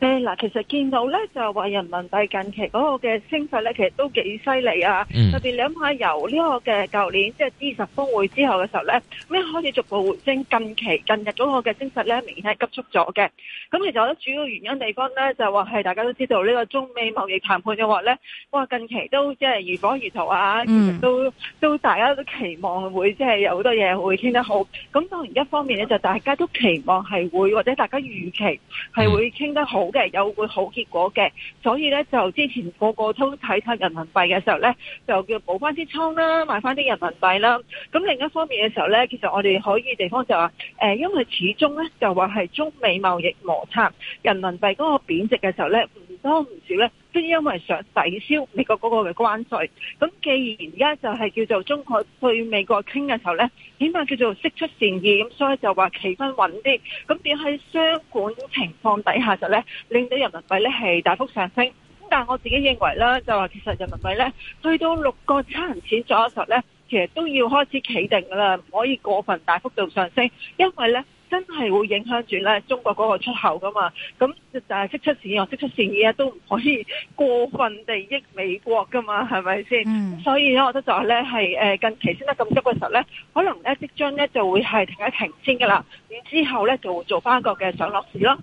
誒嗱，其實見到咧就係話人民幣近期嗰個嘅升勢咧，其實都幾犀利啊！嗯、特別你諗下由呢個嘅舊年即係 G20 峰會之後嘅時候咧，咩開始逐步回升，近期近日嗰個嘅升勢咧明顯係急速咗嘅。咁其實我覺得主要原因地方咧就話係大家都知道呢個中美貿易談判嘅話咧，哇近期都即係、就是、如火如荼啊、嗯！其實都都大家都期望會即係、就是、有好多嘢會傾得好。咁當然一方面咧就大家都期望係會或者大家預期係會傾得好。嗯好嘅，有會好結果嘅，所以咧就之前個個都睇晒人民幣嘅時候咧，就叫補翻啲倉啦，買翻啲人民幣啦。咁另一方面嘅時候咧，其實我哋可以地方就話，誒、呃，因為始終咧就話係中美貿易摩擦，人民幣嗰個貶值嘅時候咧。多唔少咧，都因為想抵消美國嗰個嘅關稅。咁既然而家就係叫做中國對美國傾嘅時候咧，起碼叫做釋出善意，咁所以就話氣氛穩啲。咁變喺相關情況底下就咧，令到人民幣咧係大幅上升。咁但係我自己認為咧，就話其實人民幣咧去到六個七人錢左右時候咧，其實都要開始企定噶啦，唔可以過分大幅度上升，因為咧。真係會影響住咧中國嗰個出口噶嘛？咁就係積出善意，積出善意都唔可以過分地益美國噶嘛？係咪先？所以咧，我覺得就係咧係誒近期升得咁急嘅時候咧，可能咧即將咧就會係停一停先噶啦。咁之後咧就會做翻一個嘅上落市咯。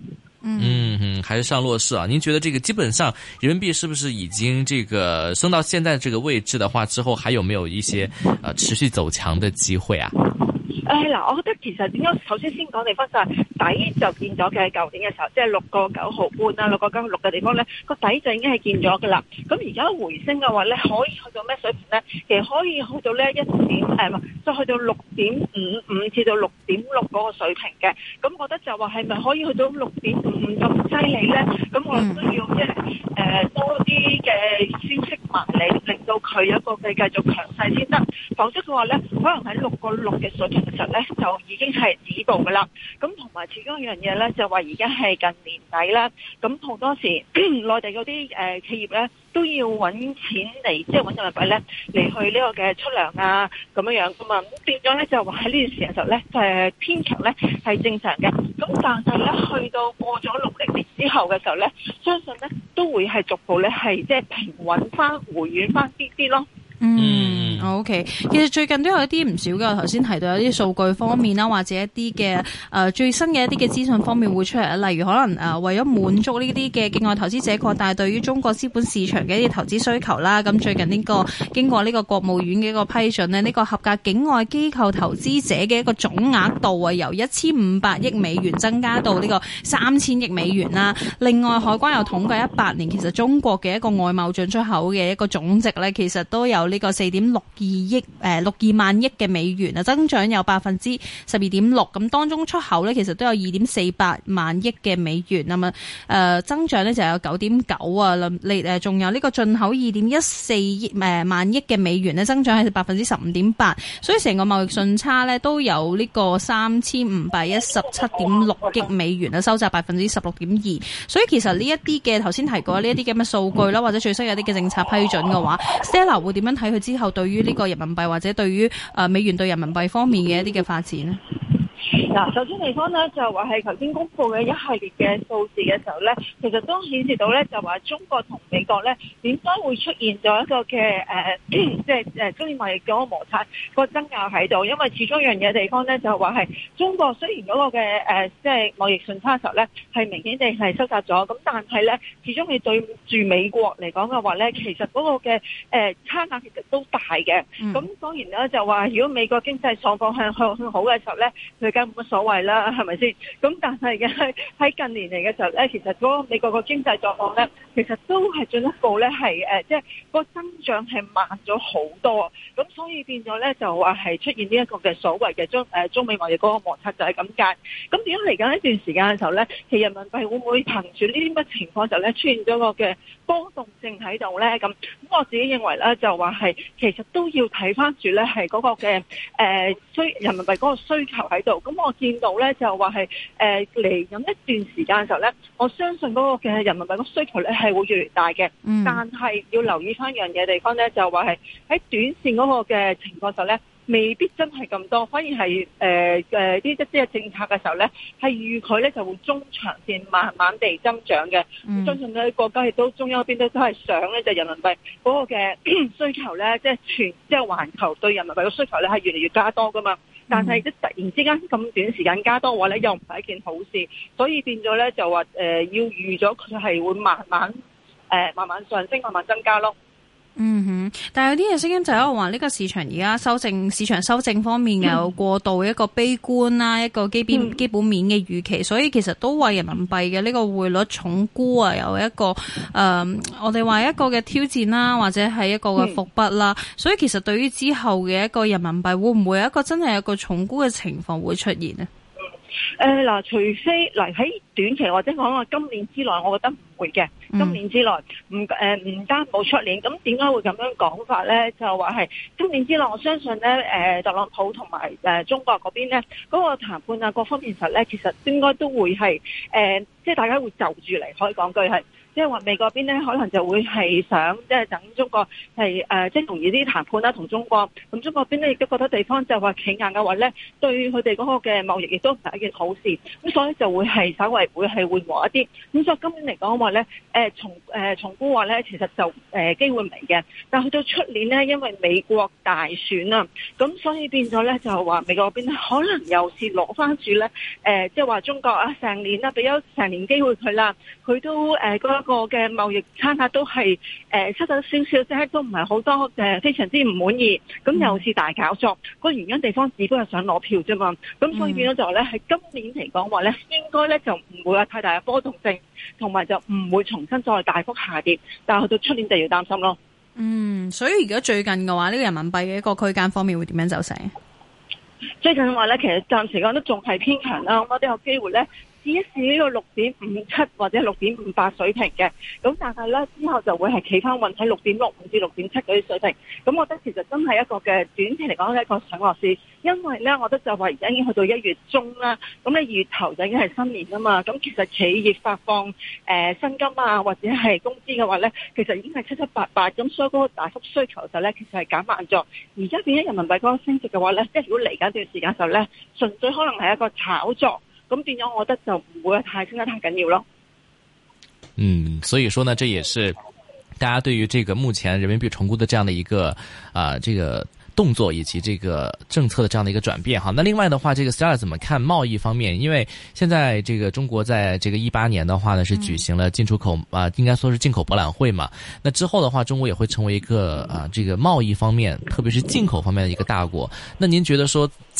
嗯，還是上落市啊？您覺得這個基本上人民幣是不是已經這個升到現在這個位置的話之後還有沒有一些啊持續走強的機會啊？誒，嗱，我覺得其實點解？首先先講地方就係底就見咗嘅，舊年嘅時候即係六個九毫半啦，六個九六嘅地方咧，個底就已經係見咗噶啦。咁而家回升嘅話咧，可以去到咩水平咧？其實可以去到咧一點誒，就、嗯、去到六點五五至到六點六嗰個水平嘅。咁我覺得就話係咪可以去到六點五五咁犀利咧？咁我需要即係誒多啲嘅消息埋嚟，令到佢有一個佢繼續強勢先得。否則嘅話咧，可能喺六個六嘅水平其實咧，就已經係止步噶啦。咁同埋，始終一樣嘢咧，就話而家係近年底啦。咁好多時內地嗰啲誒企業咧，都要揾錢嚟，即係揾人民幣咧嚟去呢個嘅出糧啊咁樣樣咁嘛。咁變咗咧，就話喺呢段時間時候就咧誒偏強咧係正常嘅。咁但係咧，去到過咗六零年之後嘅時候咧，相信咧都會係逐步咧係即係平穩翻、回軟翻啲啲咯。嗯，OK。其實最近都有一啲唔少嘅，我頭先提到有啲數據方面啦，或者一啲嘅誒最新嘅一啲嘅資訊方面會出嚟，例如可能誒、呃、為咗滿足呢啲嘅境外投資者擴大對於中國資本市場嘅一啲投資需求啦。咁最近呢、這個經過呢個國務院嘅一個批准咧，呢、這個合格境外機構投資者嘅一個總額度啊，由一千五百億美元增加到呢個三千億美元啦。另外，海關又統計一八年其實中國嘅一個外貿進出口嘅一個總值咧，其實都有。呢、這個四點六二億誒六二萬億嘅美元啊，增長有百分之十二點六，咁當中出口咧其實都有二點四八萬億嘅美元啊，咁、呃、誒增長咧就有九點九啊，你誒仲有呢個進口二點一四億誒萬億嘅美元咧，增長係百分之十五點八，所以成個貿易順差咧都有呢個三千五百一十七點六億美元啊，收窄百分之十六點二，所以其實呢一啲嘅頭先提過呢一啲嘅咩數據啦，或者最新有啲嘅政策批准嘅話，Stella 會點樣？喺佢之後，對於呢個人民幣或者對於誒美元對人民幣方面嘅一啲嘅發展呢嗱，首先地方呢，就話係頭先公佈嘅一系列嘅數字嘅時候呢，其實都顯示到呢，就話中國同美國呢點解會出現咗一個嘅即係誒中遠貿易嗰個摩擦個爭拗喺度，因為始終一樣嘢地方呢，就話係中國雖然嗰、嗰個嘅即係貿易順差時候咧係明顯地係收窄咗，咁但係呢，始終你對住美國嚟講嘅話呢，其實嗰個嘅誒差額其實都大嘅。咁當然啦，就話如果美國經濟狀況向向向好嘅時候咧，乜所謂啦，係咪先？咁但係嘅喺近年嚟嘅時候咧，其實嗰個美國個經濟狀況咧，其實都係進一步咧係誒，即係個增長係慢咗好多。咁所以變咗咧就話係出現呢一個嘅所謂嘅中誒中美貿易嗰個摩擦就係咁解。咁點解嚟緊呢一段時間嘅時候咧，其人民幣會唔會憑住呢啲乜情況就咧出現咗個嘅波動性喺度咧？咁咁我自己認為咧就話係其實都要睇翻住咧係嗰個嘅誒需人民幣嗰個需求喺度咁。我見到咧就話係誒嚟緊一段時間嘅時候咧，我相信嗰個嘅人民幣個需求咧係會越嚟越大嘅、嗯。但係要留意翻一樣嘢地方咧，就話係喺短線嗰個嘅情況就咧，未必真係咁多。反而係誒誒啲一啲嘅政策嘅時候咧，係預佢咧就會中長線慢慢地增長嘅。我相信咧，國家亦都中央嗰邊都都係想咧，就人民幣嗰個嘅需求咧，即係全即係環球對人民幣嘅需求咧係越嚟越加多噶嘛。嗯、但係一突然之間咁短時間加多嘅話，咧，又唔係一件好事，所以變咗咧就話、呃、要預咗佢係會慢慢、呃、慢慢上升、慢慢增加咯。嗯哼，但係有啲嘢聲音就係話呢個市場而家修正市場修正方面有過度一個悲觀啦，一個基基本面嘅預期，所以其實都為人民幣嘅呢、呢個匯率重估啊，有一個誒、呃，我哋話一個嘅挑戰啦，或者係一個嘅伏筆啦，所以其實對於之後嘅一個人民幣會唔會有一個真係一個重估嘅情況會出現呢？誒，嗱，除非，嗱、呃、喺短期或者講話今年之內，我覺得唔會嘅。今年之內，唔、嗯、誒，唔單冇出年，咁點解會咁樣講法咧？就話係今年之內，呃、呢之內我相信咧，誒、呃，特朗普同埋誒，中國嗰邊咧，嗰、那個談判啊，各方面實咧，其實應該都會係，誒、呃，即係大家會就住嚟，可以講句係。即係話美國邊咧，可能就會係想即係、就是、等中國係誒，即係同意啲談判啦、啊，同中國。咁中國邊咧亦都覺得地方就係話企硬嘅話咧，對佢哋嗰個嘅貿易亦都唔係一件好事。咁所以就會係稍微會係緩和一啲。咁所以今年嚟講話咧，誒、呃、重誒、呃、重估話咧，其實就誒、呃、機會嚟嘅。但去到出年呢，因為美國大選啊，咁所以變咗咧就話美國邊可能又、呃就是攞翻住咧誒，即係話中國啊成年啦、啊，俾咗成年機會佢啦，佢都誒、呃個嘅貿易差額都係誒出咗少少，即啫，都唔係好多誒、呃，非常之唔滿意。咁、嗯、又是大搞作，個原因地方只不過係想攞票啫嘛。咁所以變咗就話咧，喺今年嚟講話咧，應該咧就唔會有太大嘅波動性，同埋就唔會重新再大幅下跌。但係去到出年就要擔心咯。嗯，所以而家最近嘅話，呢、這個人民幣嘅一個區間方面會點樣走勢？最近的話咧，其實暫時講都仲係偏強啦，咁我哋有機會咧。只是呢個六點五七或者六點五八水平嘅，咁但係呢之後就會係企翻穩喺六點六五至六點七嗰啲水平。咁我覺得其實真係一個嘅短期嚟講一個上落市，因為呢，我覺得就話而家已經去到一月中啦，咁你二月頭就已經係新年啊嘛。咁其實企業發放誒、呃、薪金啊或者係工資嘅話呢，其實已經係七七八八。咁所以嗰個大幅需求就呢，其實係減慢咗。而家變咗人民幣嗰個升值嘅話呢，即係如果嚟緊一段時間就呢，純粹可能係一個炒作。咁變咗，我覺得就唔會太升得太緊要咯。嗯，所以說呢，這也是大家對於這個目前人民幣重估的這樣的一個啊、呃，這個動作以及這個政策的這樣的一個轉變哈。那另外的話，這個 Star 怎麼看貿易方面？因為現在這個中國在這個一八年的話呢，是舉行了進出口啊、呃，應該說是進口博覽會嘛。那之後的話，中國也會成為一個啊、呃，這個貿易方面，特別是進口方面的一個大國。那您覺得說？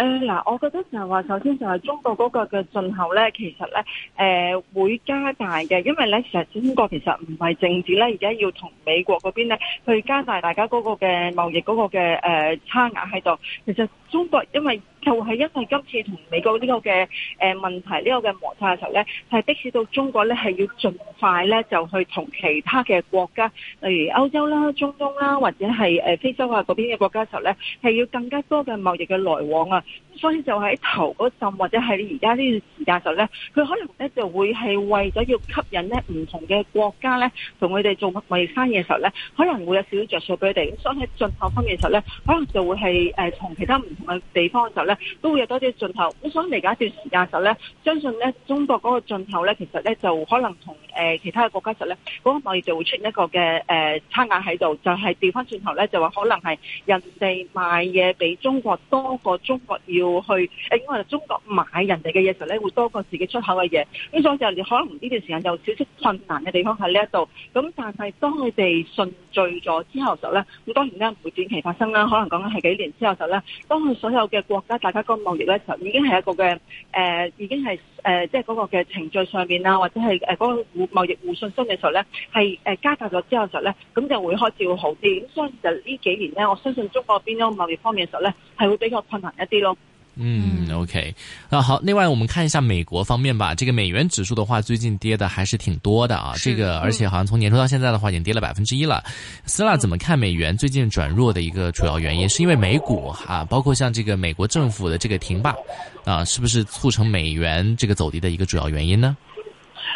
誒、呃，我覺得就係話，首先就係中國嗰個嘅進口呢，其實呢誒、呃、會加大嘅，因為呢，其實中國其實唔係政治呢，而家要同美國嗰邊咧，去加大大家嗰個嘅貿易嗰個嘅、呃、差額喺度。其實中國因為就係因為今次同美國呢個嘅誒問題，呢個嘅摩擦嘅時候咧，係迫使到中國咧，係要盡快咧就去同其他嘅國家，例如歐洲啦、中東啦，或者係非洲啊嗰邊嘅國家嘅時候咧，係要更加多嘅貿易嘅來往啊。所以就喺頭嗰陣，或者係你而家呢段時間時候咧，佢可能咧就會係為咗要吸引咧唔同嘅國家咧，同佢哋做貿易生意嘅時候咧，可能會有少少着數俾佢哋。所以喺進口方面嘅時候咧，可能就會係誒同其他唔同嘅地方嘅時候都會有多啲進口，咁所以嚟緊一段時間嘅時候咧，相信咧中國嗰個進口咧，其實咧就可能同誒、呃、其他嘅國家時咧嗰個貿易就會出現一個嘅誒、呃、差額喺度，就係調翻轉頭咧就話可能係人哋賣嘢俾中國多過中國要去、呃，因為中國買人哋嘅嘢時候咧會多過自己出口嘅嘢，咁所以就可能呢段時間有少少困難嘅地方喺呢一度，咁但係當佢哋順序咗之後嘅時候咧，咁當然咧唔會短期發生啦，可能講緊係幾年之後嘅時候咧，當佢所有嘅國家。大家個貿易咧，就已經係一個嘅誒、呃，已經係誒，即係嗰個嘅程序上面啦，或者係嗰個互貿易互信心嘅時候咧，係誒加大咗之後嘅時候咧，咁就會開始會好啲。咁所以就呢幾年咧，我相信中國邊邊個貿易方面嘅時候咧，係會比較困難一啲咯。嗯，OK，那好。另外，我們看一下美國方面吧。這個美元指數的話，最近跌的還是挺多的啊。這個而且好像從年初到現在的話，已經跌了百分之一了。斯拉怎麼看美元最近轉弱的一個主要原因？是因為美股啊，包括像這個美國政府的這個停擺啊，是不是促成美元這個走低的一個主要原因呢？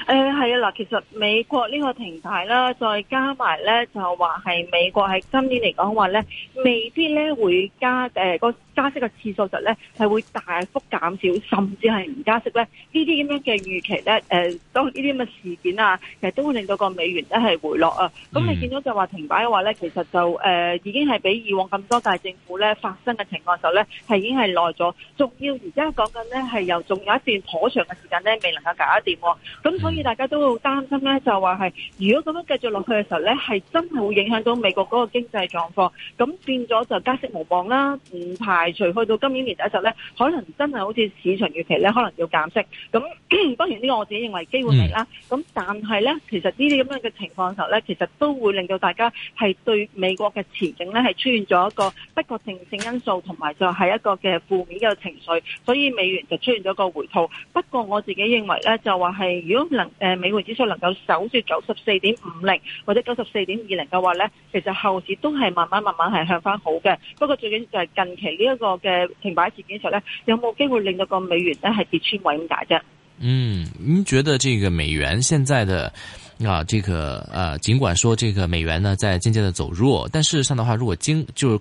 誒、呃，係啊，嗱，其實美國呢個停擺呢，再加埋呢就話係美國喺今年嚟講話呢，未必呢會加誒個。呃加息嘅次數就咧係會大幅減少，甚至係唔加息咧。呢啲咁樣嘅預期咧，誒、呃，當呢啲咁嘅事件啊，其實都會令到個美元都係回落啊。咁、mm -hmm. 你見到就話停擺嘅話咧，其實就誒、呃、已經係比以往咁多屆政府咧發生嘅情況時候呢，咧係已經係耐咗，仲要而家講緊咧係由仲有一段頗長嘅時間咧未能夠搞得掂，啊。咁所以大家都好擔心咧，就話係如果咁樣繼續落去嘅時候咧，係真係會影響到美國嗰個經濟狀況。咁變咗就加息無望啦，唔排排除去到今年年底時候咧，可能真係好似市場預期咧，可能要減息。咁當然呢個我自己認為機會嚟啦。咁但係咧，其實呢啲咁樣嘅情況時候咧，其實都會令到大家係對美國嘅前景咧係出現咗一個不確定性因素，同埋就係一個嘅負面嘅情緒。所以美元就出現咗個回吐。不過我自己認為咧，就話係如果能誒、呃，美元指數能夠守住九十四點五零或者九十四點二零嘅話咧，其實後市都係慢慢慢慢係向翻好嘅。不過最緊要就係近期呢、這個一個嘅停擺事件上咧，有冇機會令到個美元咧係跌穿位咁大啫？嗯，您覺得這個美元現在的啊，這個啊，盡管說這個美元呢在漸漸的走弱，但事實上的話，如果經就。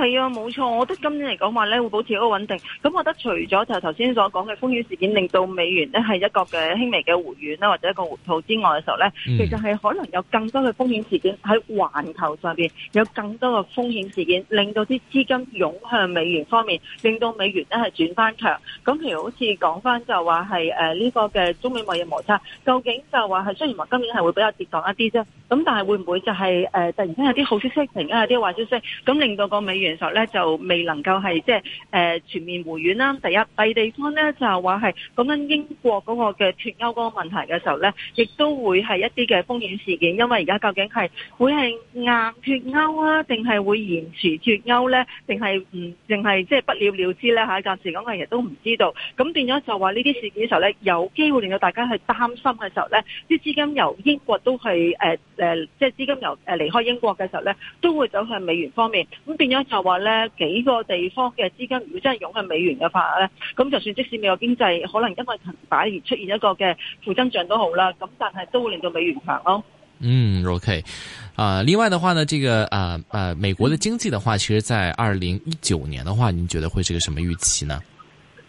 係啊，冇錯，我覺得今年嚟講話咧，會保持一個穩定。咁我覺得除咗就頭先所講嘅風險事件令到美元咧係一個嘅輕微嘅回軟啦，或者一個回吐之外嘅時候咧、嗯，其實係可能有更多嘅風險事件喺環球上面，有更多嘅風險事件，令到啲資金湧向美元方面，令到美元咧係轉翻強。咁譬如好似講翻就話係誒呢個嘅中美貿易摩擦，究竟就話係雖然話今年係會比較跌宕一啲啫，咁但係會唔會就係誒突然間有啲好消息，突然間有啲壞消息，咁令到個美元？其實咧就未能夠係即係誒全面回軟啦。第一，第二地方咧就話係講緊英國嗰個嘅脱歐嗰個問題嘅時候咧，亦都會係一啲嘅風險事件。因為而家究竟係會係硬脱歐啊，定係會延遲脱歐咧，定係唔定係即係不了了之咧吓？暫時講嘅亦都唔知道。咁變咗就話呢啲事件嘅時候咧，有機會令到大家去擔心嘅時候咧，啲資金由英國都係誒誒，即係資金由誒離開英國嘅時候咧，都會走向美元方面。咁變咗。就話咧，幾個地方嘅資金如果真係湧向美元嘅話呢，咁就算即使美國經濟可能因為停擺而出現一個嘅負增長好都好啦，咁但係都會令到美元強咯。嗯，OK，啊、呃，另外的話呢，這個啊呃，呃美國嘅經濟的話，其實在二零一九年的話，你覺得會是個什麼預期呢？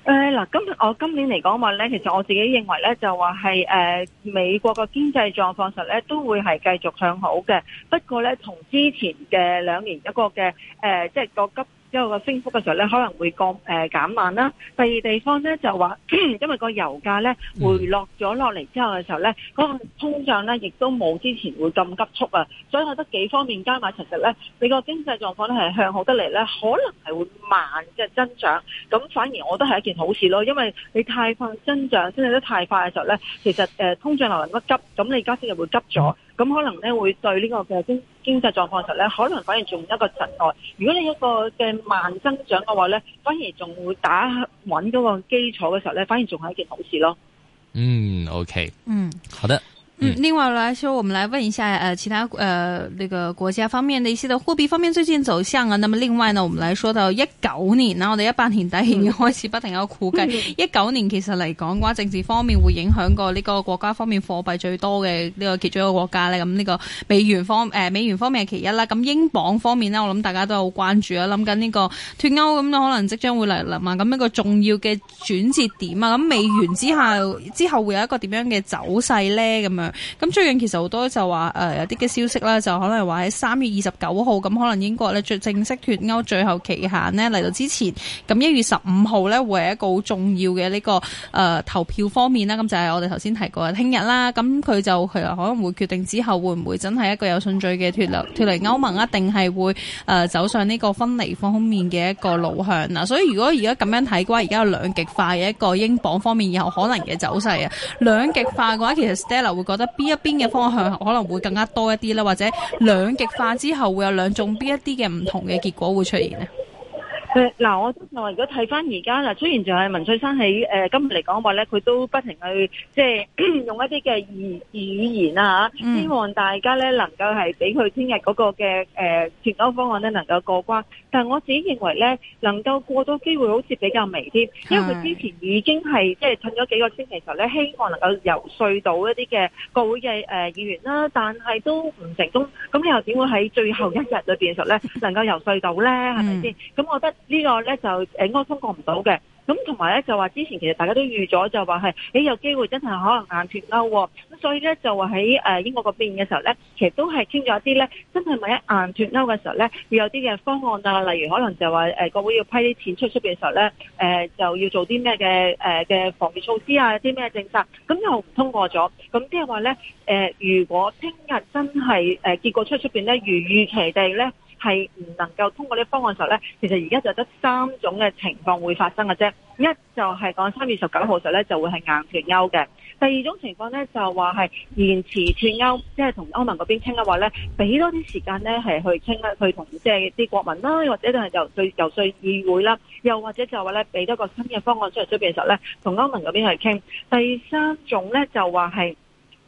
誒，嗱，今我今年嚟講話咧，其實我自己認為咧，就話係誒美國個經濟狀況實咧都會係繼續向好嘅，不過咧，同之前嘅兩年一個嘅誒，即係個急。就是之後個升幅嘅時候咧，可能會降誒、呃、減慢啦。第二地方咧就話，因為個油價咧回落咗落嚟之後嘅時候咧，嗰、那個通脹咧亦都冇之前會咁急速啊。所以我覺得幾方面加埋，其實咧你個經濟狀況咧係向好得嚟咧，可能係會慢嘅增長。咁反而我覺得係一件好事咯，因為你太快增長，先長得太快嘅時候咧，其實誒、呃、通脹流行得急，咁你而家先又會急咗。咁可能咧，會對呢個嘅經經濟狀況嘅時候咧，可能反而仲一個塵序。如果你一個嘅慢增長嘅話咧，反而仲會打穩嗰個基礎嘅時候咧，反而仲係一件好事咯。嗯，OK，嗯，好的。嗯，另外來說，我們來問一下，誒、呃，其他誒，那、呃這個國家方面的一些的貨幣方面最近走向啊。那麼另外呢，我們來說到一九年啦、啊，我哋一八年底已經、嗯、開始不停有估計，一、嗯、九年其實嚟講嘅話，政治方面會影響過呢個國家方面貨幣最多嘅呢個其中一個國家呢，咁呢個美元方誒、呃、美元方面係其一啦。咁英鎊方面呢，我諗大家都好關注啊，諗緊呢個脱歐咁，可能即將會嚟臨啊。咁一個重要嘅轉折點啊，咁美元之下之後會有一個點樣嘅走勢呢？咁樣。咁最近其實好多就話誒、呃、有啲嘅消息啦，就可能話喺三月二十九號，咁可能英國呢最正式脱歐最後期限呢，嚟到之前，咁一月十五號呢，會係一個好重要嘅呢、呢個誒、呃、投票方面啦。咁就係我哋頭先提過，聽日啦，咁佢就佢可能會決定之後會唔會真係一個有順序嘅脱離脱離歐盟啊，一定係會誒、呃、走上呢個分離方面嘅一個路向啊？所以如果而家咁樣睇嘅話，而家有兩極化嘅一個英鎊方面以後可能嘅走勢啊，兩極化嘅話，其實 Stella 邊一邊嘅方向可能會更加多一啲咧，或者兩極化之後會有兩種邊一啲嘅唔同嘅結果會出現咧？誒、嗯，嗱，我嗱，如果睇翻而家啦，雖然仲係文翠珊喺誒、呃、今日嚟講話咧，佢都不停去即係用一啲嘅語語言啦，希望大家咧能夠係俾佢聽日嗰個嘅誒脱歐方案咧能夠過關，但係我自己認為咧，能夠過到機會好似比較微添，因為佢之前已經係即係趁咗幾個星期時候咧，希望能夠遊說到一啲嘅國會嘅誒、呃、議員啦，但係都唔成功，咁你又點會喺最後一日裏邊時候咧能夠遊說到咧？係咪先？咁、嗯嗯、我覺得。這個、呢個咧就應該通過唔到嘅，咁同埋咧就話之前其實大家都預咗，就話係你有機會真係可能硬脱歐喔，咁所以咧就話喺英國嗰邊嘅時候咧，其實都係傾咗一啲咧，真係咪一硬脱歐嘅時候咧，要有啲嘅方案啊，例如可能就話誒國會要批啲錢出出邊嘅時候咧，呃，就要做啲咩嘅嘅防備措施啊，啲咩政策，咁又唔通過咗，咁即係話咧如果聽日真係結果出出邊咧，如預期地咧。係唔能夠通過呢個方案嘅時候咧，其實而家就得三種嘅情況會發生嘅啫。一就係講三月十九號時候咧就會係硬脫歐嘅。第二種情況咧就話係延遲脫歐，即係同歐盟嗰邊傾嘅話咧，俾多啲時間咧係去傾啊，去同即係啲國民啦，或者就係遊說遊説議會啦，又或者就話咧俾多個新嘅方案出嚟，出面嘅時候咧，同歐盟嗰邊去傾。第三種咧就話係，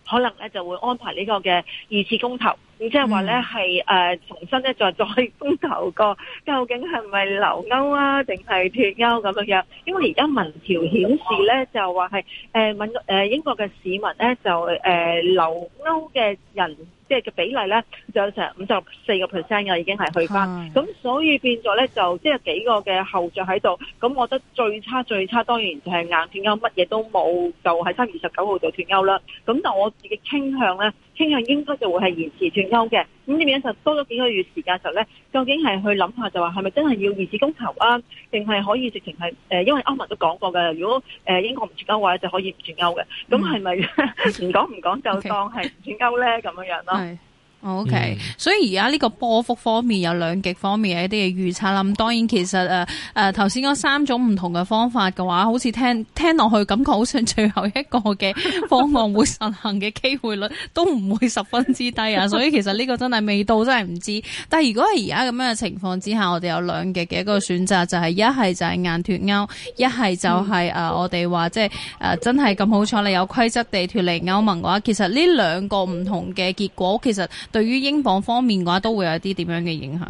可能咧就會安排呢個嘅二次公投，咁即係話咧係誒重新咧再再公投過究竟係咪留歐啊，定係脫歐咁樣？因為而家民調顯示咧就話係誒問誒英國嘅市民咧就誒留歐嘅人。即係嘅比例咧，就有成五十四個 percent 嘅，已經係去翻。咁所以變咗咧，就即係幾個嘅後著喺度。咁我覺得最差最差，當然就係硬脫歐，乜嘢都冇，就喺三月二十九號就脫歐啦。咁但係我自己傾向咧。傾向應該就會係延遲轉歐嘅，咁點樣就多咗幾個月時間就咧，究竟係去諗下就話係咪真係要二次公投啊？定係可以直情係、呃、因為歐盟都講過嘅，如果、呃、英國唔轉歐嘅話，就可以唔轉歐嘅。咁係咪唔講唔講就當係唔轉歐咧？咁、okay。樣樣咯。O、okay, K，、嗯、所以而家呢個波幅方面有兩極方面嘅一啲嘅預測，咁當然其實誒誒頭先嗰三種唔同嘅方法嘅話，好似聽聽落去感覺好似最後一個嘅方案會實行嘅機會率都唔會十分之低啊， 所以其實呢個真係未到真係唔知。但係如果係而家咁樣嘅情況之下，我哋有兩極嘅一個選擇，就係一係就係硬脱歐，一係就係、是、誒、嗯呃、我哋話即係誒、呃、真係咁好彩你有規則地脱離歐盟嘅話，其實呢兩個唔同嘅結果其實。對於英鎊方面嘅話，都會有一啲點樣嘅影響。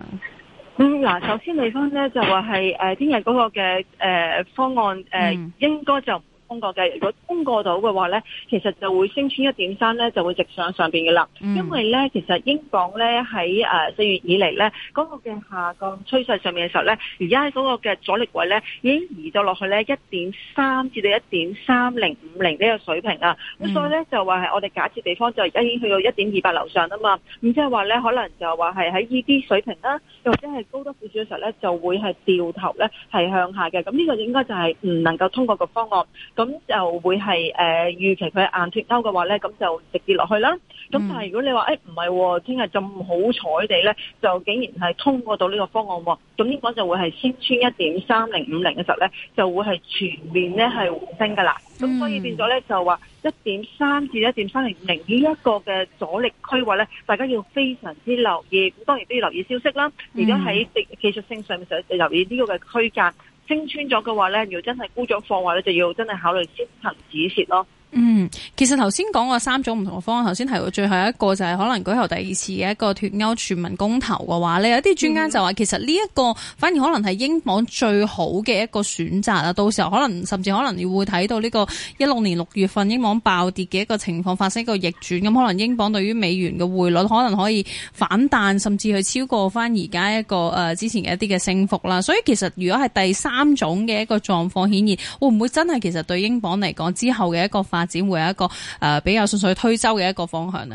嗱、嗯，首先你翻咧，就話係誒，聽日嗰個嘅誒、呃、方案，誒、呃嗯、應該就，通過嘅，如果通過到嘅話咧，其實就會升穿一點三咧，就會直上上邊嘅啦。因為咧，其實英鎊咧喺誒四月以嚟咧，嗰、那個嘅下降趨勢上面嘅時候咧，而家喺嗰個嘅阻力位咧，已經移到落去咧一點三至到一點三零五零呢個水平啦。咁、嗯、所以咧就話係我哋假設地方就而家已經去到一點二八樓上啊嘛。咁即係話咧，可能就話係喺呢啲水平啦。又即係高得少少嘅時候咧，就會係掉頭咧，係向下嘅。咁呢個應該就係唔能夠通過個方案，咁就會係、呃、預期佢硬脱歐嘅話咧，咁就直接落去啦。咁但係如果你話誒唔係喎，聽日咁好彩地咧，就竟然係通過到呢個方案喎、啊，咁呢個就會係先穿一點三零五零嘅時候咧，就會係全面咧係回升㗎喇。咁、嗯、所以變咗咧，就話一點三至一點三零零呢一個嘅阻力區域咧，大家要非常之留意。咁當然都要留意消息啦。而家喺技術性上面想留意呢個嘅區間，升穿咗嘅話咧，如果真係沽咗貨話咧，就要真係考慮先行止蝕咯。嗯，其實頭先講過三種唔同嘅方案，頭先提到最後一個就係可能舉行第二次嘅一個脫歐全民公投嘅話呢，有啲專家就話、嗯、其實呢一個反而可能係英鎊最好嘅一個選擇啦。到時候可能甚至可能你會睇到呢個一六年六月份英鎊爆跌嘅一個情況發生一個逆轉，咁可能英鎊對於美元嘅匯率可能可以反彈，甚至去超過翻而家一個誒、呃、之前嘅一啲嘅升幅啦。所以其實如果係第三種嘅一個狀況顯現，會唔會真係其實對英鎊嚟講之後嘅一個反？展會有一個誒、呃、比較順水推舟嘅一個方向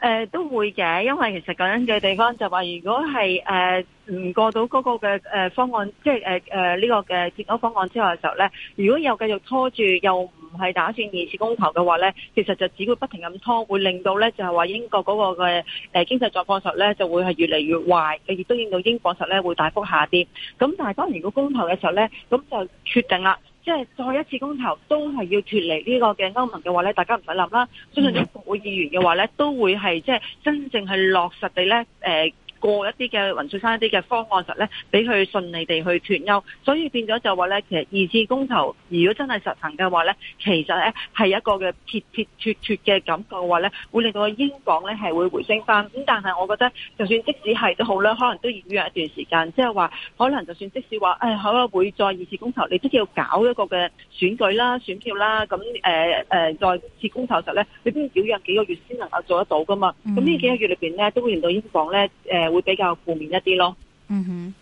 誒、呃、都會嘅，因為其實咁樣嘅地方就話，如果係誒唔過到嗰個嘅誒、呃、方案，即係誒誒呢個嘅脫歐方案之後嘅時候咧，如果又繼續拖住，又唔係打算二次公投嘅話咧，其實就只會不停咁拖，會令到咧就係、是、話英國嗰個嘅誒經濟狀況實咧就會係越嚟越壞，亦都令到英鎊實咧會大幅下跌。咁但係當然如果公投嘅時候咧，咁就決定啦。即係再一次公投都係要脫離呢個嘅歐盟嘅話咧，大家唔使諗啦。相信啲國會議員嘅話咧，都會係即係真正係落實地咧，呃過一啲嘅雲雀山一啲嘅方案實咧，俾佢順利地去脫歐，所以變咗就話咧，其實二次公投如果真係實行嘅話咧，其實咧係一個嘅撇撇脱脱嘅感覺嘅話咧，會令到英鎊咧係會回升返。咁但係我覺得，就算即使係都好啦，可能都要約一段時間，即係話可能就算即使話誒、哎，可能會再二次公投，你都要搞一個嘅選舉啦、選票啦，咁誒誒再次公投實咧，你都要表揚幾個月先能夠做得到噶嘛。咁呢幾個月裏面咧，都會令到英鎊咧會比較負面一啲咯，嗯哼。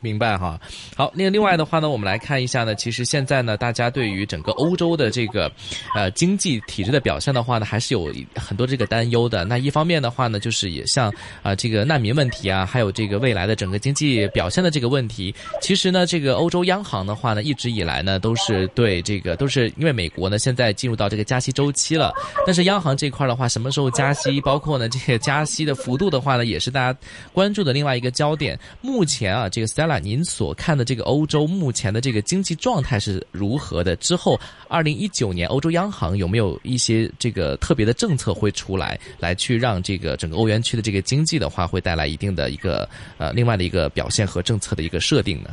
明白哈，好。那另外的話呢，我們來看一下呢，其實現在呢，大家對於整個歐洲的這個，呃，經濟體制的表現的話呢，還是有很多這個擔憂的。那一方面的話呢，就是也像啊、呃，這個難民問題啊，還有這個未來的整個經濟表現的這個問題。其實呢，這個歐洲央行的話呢，一直以來呢，都是對這個都是因為美國呢，現在進入到這個加息周期了，但是央行這一塊的話，什麼時候加息，包括呢這些、個、加息的幅度的話呢，也是大家關注的另外一個焦點。目前啊，這個三那您所看的這個歐洲目前的這個經濟狀態是如何的？之後二零一九年歐洲央行有沒有一些這個特別的政策會出來，來去讓這個整個歐元區的這個經濟的話，會帶來一定的一個，呃，另外的一個表現和政策的一個設定呢？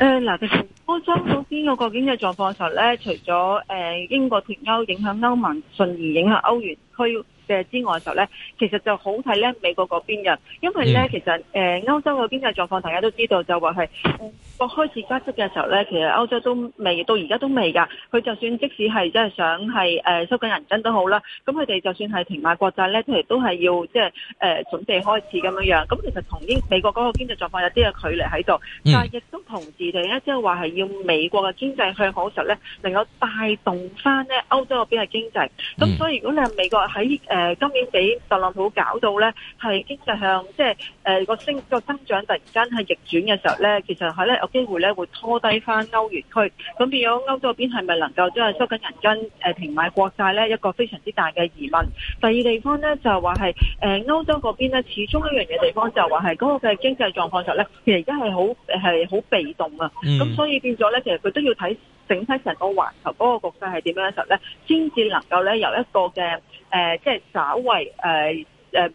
呃，那其實歐洲嗰邊個個經濟狀況時候呢，除咗誒、呃、英國脱歐影響歐盟，順而影響歐元區。嘅之外嘅時候咧，其實就好睇咧美國嗰邊嘅，因為咧其實誒、呃、歐洲嘅經濟狀況，大家都知道就話係國開始加息嘅時候咧，其實歐洲都未到而家都未㗎。佢就算即使係即係想係、呃、收緊人真都好啦，咁佢哋就算係停賣國債咧，佢哋都係要即係誒準備開始咁樣。咁其實同英美國嗰個經濟狀況有啲嘅距離喺度，但係亦都同時就係即係話係要美國嘅經濟向好嘅時候咧，能夠帶動翻咧歐洲嗰邊嘅經濟。咁所以如果你係美國喺誒。呃呃、今年俾特朗普搞到呢係經濟向即係誒個升個增長突然間係逆轉嘅時候呢，其實係咧有機會呢會拖低返歐元區，咁變咗歐洲嗰邊係咪能夠即係收緊人間平、呃、停買國債呢？一個非常之大嘅疑問。第二地方呢就係話係誒歐洲嗰邊呢，始終一樣嘅地方就係話係嗰個嘅經濟狀況上呢，其實而家係好係好被動啊，咁、嗯、所以變咗呢，其實佢都要睇。整體成個環球嗰個局勢係點樣嘅時候咧，先至能夠咧有一個嘅、呃、即係稍為誒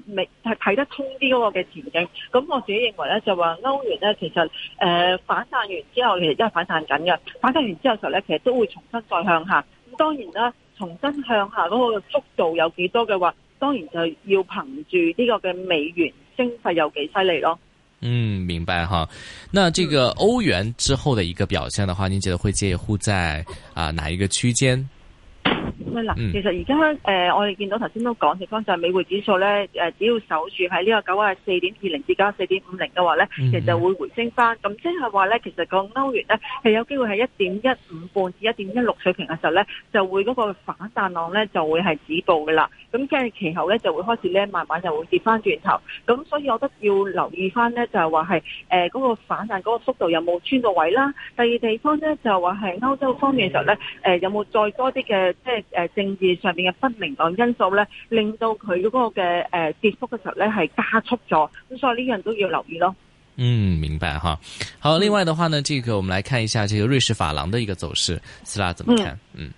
未係睇得通啲嗰個嘅前景。咁我自己認為咧，就話歐元咧，其實、呃、反彈完之後，其實因為反彈緊嘅。反彈完之後嘅時候咧，其實都會重新再向下。咁當然啦，重新向下嗰個速度有幾多嘅話，當然就要憑住呢個嘅美元升勢有幾犀利咯。嗯，明白哈。那這個歐元之後的一個表現的話，您覺得會介乎在啊、呃、哪一個區間？嗯、其實而家誒，我哋見到頭先都講地方就係，美匯指數咧誒，只要守住喺呢個九啊四點二零至九啊四點五零嘅話咧，其實就會回升翻。咁即係話咧，其實個歐元咧係有機會係一點一五半至一點一六水平嘅時候咧，就會嗰個反彈浪咧就會係止步噶啦。咁即係其後咧就會開始咧慢慢就會跌翻轉頭。咁所以我覺得要留意翻咧就係話係誒嗰個反彈嗰個幅度有冇穿到位啦。第二地方咧就係話係歐洲方面嘅時候咧誒有冇再多啲嘅即係。呃誒，政治上面嘅不明朗因素咧，令到佢嗰個嘅誒結束嘅時候咧係加速咗，咁所以呢樣都要留意咯。嗯，明白哈。好，另外嘅話呢，呢、這個我們來看一下呢個瑞士法郎嘅一個走勢，斯拉怎麼看？嗯，誒、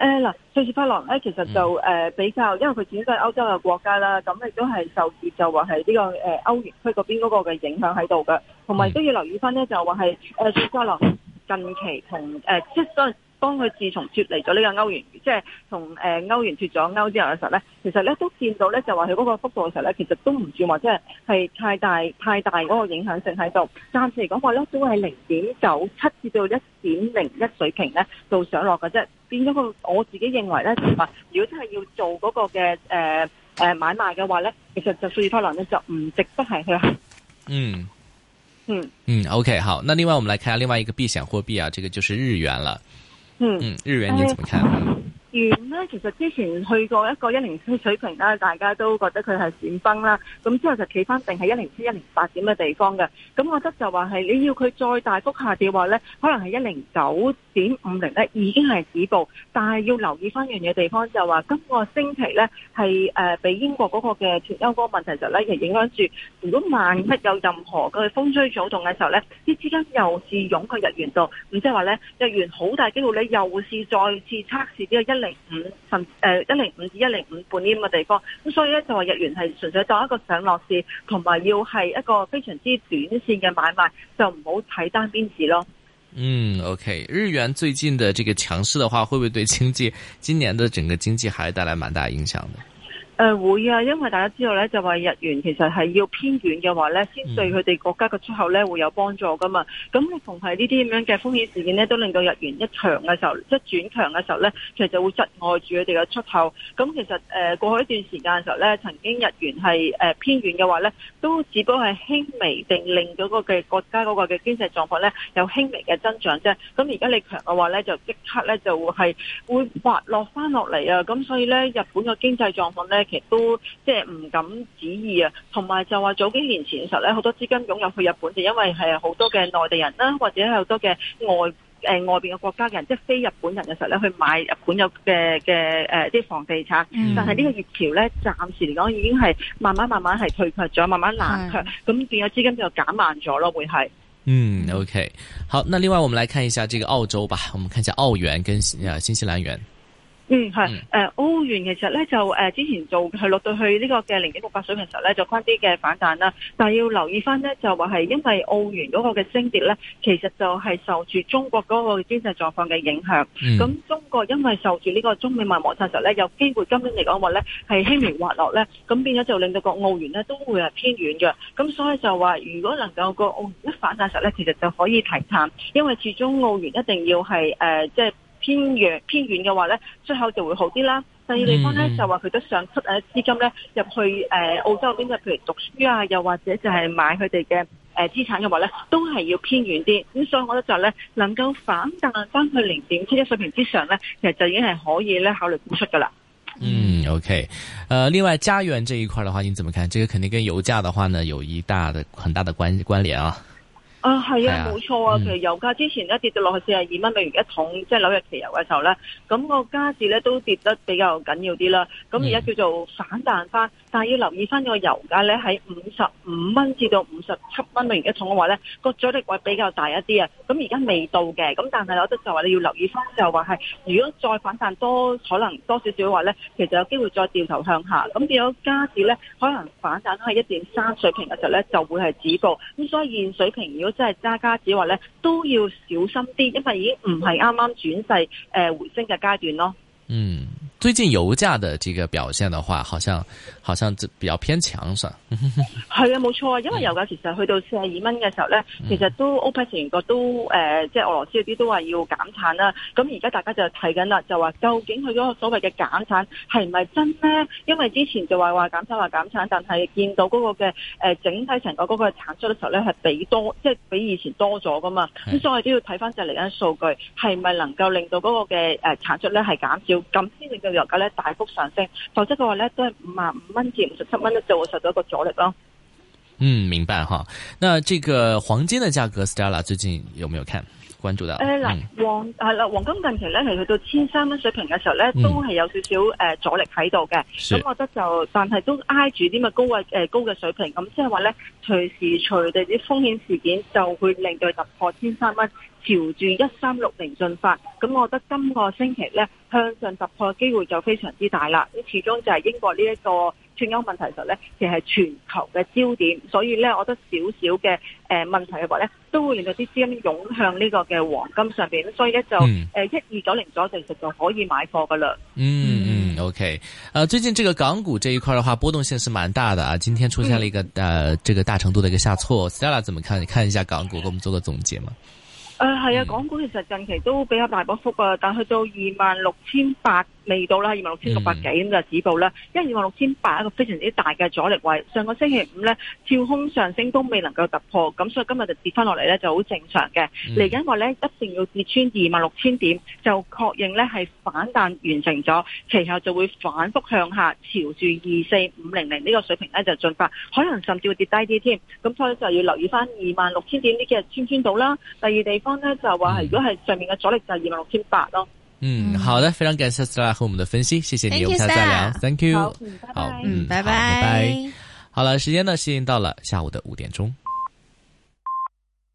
嗯、嗱、呃，瑞士法郎咧、呃、其實就誒、呃、比較，因為佢始終係歐洲嘅國家啦，咁、嗯、亦都係受住就話係呢個誒、呃、歐元區嗰邊嗰個嘅影響喺度噶，同埋都要留意翻呢，就話係誒瑞士法郎近期同誒即係。呃嗯當佢自從脱離咗呢個歐元，即係同誒歐元脱咗歐之後嘅時候咧，其實咧都見到咧就話佢嗰個幅度嘅時候咧，其實都唔算話即係係太大太大嗰個影響性喺度。暫時嚟講話咧，都係零點九七至到一點零一水平咧度上落嘅啫。變咗個我自己認為咧，如果真係要做嗰個嘅誒誒買賣嘅話咧，其實就瑞士法郎咧就唔值得係去。嗯嗯嗯，OK，好。那另外我們來看下另外一個避險貨幣啊，這個就是日元了。嗯，日元你怎麼看？ 元咧，其實之前去過一個一零七水平啦，大家都覺得佢係閃崩啦。咁之後就企翻定喺一零七、一零八點嘅地方嘅。咁我覺得就話係你要佢再大幅下跌話咧，可能係一零九點五零咧，已經係止步。但係要留意翻一樣嘢地方就話，今個星期咧係誒俾英國嗰個嘅脱歐嗰個問題就咧，其實影響住。如果萬一有任何嘅風吹草動嘅時候咧，啲資金又是湧去日元度，咁即係話咧，日元好大機會咧，又是再次測試呢個一。零五甚至，誒，一零五至一零五半呢個地方，咁所以咧就話日元係純粹做一個上落市，同埋要係一個非常之短線嘅買賣，就唔好睇單邊市咯。嗯，OK，日元最近的這個強勢的話，會不會對經濟今年的整個經濟還帶來蠻大影響的？誒會啊，因為大家知道咧，就話日元其實係要偏軟嘅話咧，先對佢哋國家嘅出口咧會有幫助噶嘛。咁，同係呢啲咁樣嘅風險事件咧，都令到日元一強嘅時候，即係轉強嘅時候咧，其實就會窒礙住佢哋嘅出口。咁其實誒、呃、過去一段時間嘅時候咧，曾經日元係誒偏軟嘅話咧，都只不過係輕微定令到個嘅國家嗰個嘅經濟狀況咧有輕微嘅增長啫。咁而家你強嘅話咧，就即刻咧就會係會滑落翻落嚟啊！咁所以咧，日本嘅經濟狀況咧。其實都即係唔敢旨意啊，同埋就話早幾年前嘅時候咧，好多資金湧入去日本，就因為係好多嘅內地人啦，或者好多嘅外誒、呃、外邊嘅國家嘅人，即係非日本人嘅時候咧去買日本有嘅嘅誒啲房地產。嗯、但係呢個熱潮咧，暫時嚟講已經係慢慢慢慢係退卻咗，慢慢冷卻，咁變咗資金就減慢咗咯，會係。嗯，OK，好，那另外我們來看一下這個澳洲吧，我們看一下澳元跟誒新西蘭元。嗯係，誒，澳、呃、元其實咧就誒、呃、之前做去落到去呢個嘅零點六八水平嘅時候咧，就翻啲嘅反彈啦。但係要留意翻咧，就話係因為澳元嗰個嘅升跌咧，其實就係受住中國嗰個經濟狀況嘅影響。咁、嗯、中國因為受住呢個中美貿易摩擦時候咧，有機會今年嚟講話咧係輕微滑落咧，咁變咗就令到個澳元咧都會係偏軟嘅。咁所以就話如果能夠個澳元一反彈時呢，咧，其實就可以睇淡，因為始終澳元一定要係誒即係。呃就是偏遠偏軟嘅話咧，出口就會好啲啦。第二地方咧、嗯、就話佢都想出誒資金咧入去誒、呃、澳洲嗰邊，就譬如讀書啊，又或者就係買佢哋嘅誒資產嘅話咧，都係要偏軟啲。咁所以我覺得就係咧，能夠反彈返去零點七一水平之上咧，其實就已經係可以咧考慮沽出噶啦。嗯，OK，誒、呃，另外加元這一塊嘅話，你怎麼看？這個肯定跟油價嘅話呢，有一大的很大的關關聯啊。啊，係啊，冇錯啊、嗯。其實油價之前咧跌到落去四十二蚊美元一桶，即係紐約期油嘅時候咧，咁個加字咧都跌得比較緊要啲啦。咁而家叫做反彈翻，但係要留意翻個油價咧喺五十五蚊至到五十七蚊美元一桶嘅話咧，個阻力位比較大一啲啊。咁而家未到嘅，咁但係我都就話你要留意翻，就話係如果再反彈多可能多少少嘅話咧，其實有機會再掉頭向下。咁變咗加字咧，可能反彈係一點三水平嘅時候咧，就會係止步。咁所以現水平如果即係揸家子話咧，都要小心啲，因為已經唔係啱啱轉勢誒回升嘅階段咯。嗯，最近油價嘅這個表現的話，好像。好像就比較偏強， 是啊，係啊，冇錯啊，因為油價其實去到四十二蚊嘅時候呢、嗯，其實都歐佩成員國都誒、呃，即係俄羅斯嗰啲都話要減產啦。咁而家大家就睇緊啦，就話究竟佢嗰個所謂嘅減產係唔係真呢？因為之前就話話減產話減產，但係見到嗰個嘅誒整體成個嗰個產出嘅時候呢，係比多，即、就、係、是、比以前多咗噶嘛。咁、嗯、所以都要睇翻就嚟緊數據係咪能夠令到嗰個嘅誒、呃、產出呢係減少，咁先令到油價呢大幅上升，否則嘅話呢，都係五萬五。七蚊、五十七蚊就會，受到一個阻力咯。嗯，明白哈。那這個黃金嘅價格，Stella 最近有沒有看關注到？誒，嗱，黃係啦，黃金近期咧係去到千三蚊水平嘅時候咧，都係有少少誒、呃、阻力喺度嘅。咁我覺得就，但係都挨住啲咁嘅高位誒、呃、高嘅水平，咁即係話咧，隨時隨地啲風險事件就會令到突破千三蚊，朝住一三六零進發。咁我覺得今個星期咧向上突破嘅機會就非常之大啦。咁始終就係英國呢、這、一個。缺金問題嘅時候咧，其實係全球嘅焦點，所以咧，我覺得少少嘅誒問題嘅話咧，都會令到啲資金湧向呢個嘅黃金上邊，所以咧就誒一二九零左右其實就可以買貨噶啦嗯嗯，OK，啊、呃，最近這個港股這一塊嘅話，波動性是蠻大嘅啊，今天出現了一個誒、嗯呃，這個大程度嘅一個下挫 Stella 怎麼看？你看一下港股，跟我們做個總結嘛。誒、呃、係啊、嗯，港股其實近期都比較大波幅啊，但去到二萬六千八。未到啦，二萬六千六百幾咁就止步啦。Mm. 因為二萬六千八一個非常之大嘅阻力位。上個星期五呢，跳空上升都未能夠突破，咁所以今日就跌翻落嚟呢，就好正常嘅。嚟緊我呢，一定要跌穿二萬六千點，就確認呢係反彈完成咗，其後就會反覆向下朝住二四五零零呢個水平呢就進發，可能甚至會跌低啲添。咁所以就要留意翻二萬六千點呢幾日穿唔穿到啦。第二地方呢就話係、mm. 如果係上面嘅阻力就係二萬六千八咯。嗯，好的，非常感謝 Sarah 和我們的分析，謝謝你，我們下次再聊，Thank you，好，拜拜。嗯，拜拜，拜拜，好了，時間呢，是已經到了下午的五點鐘。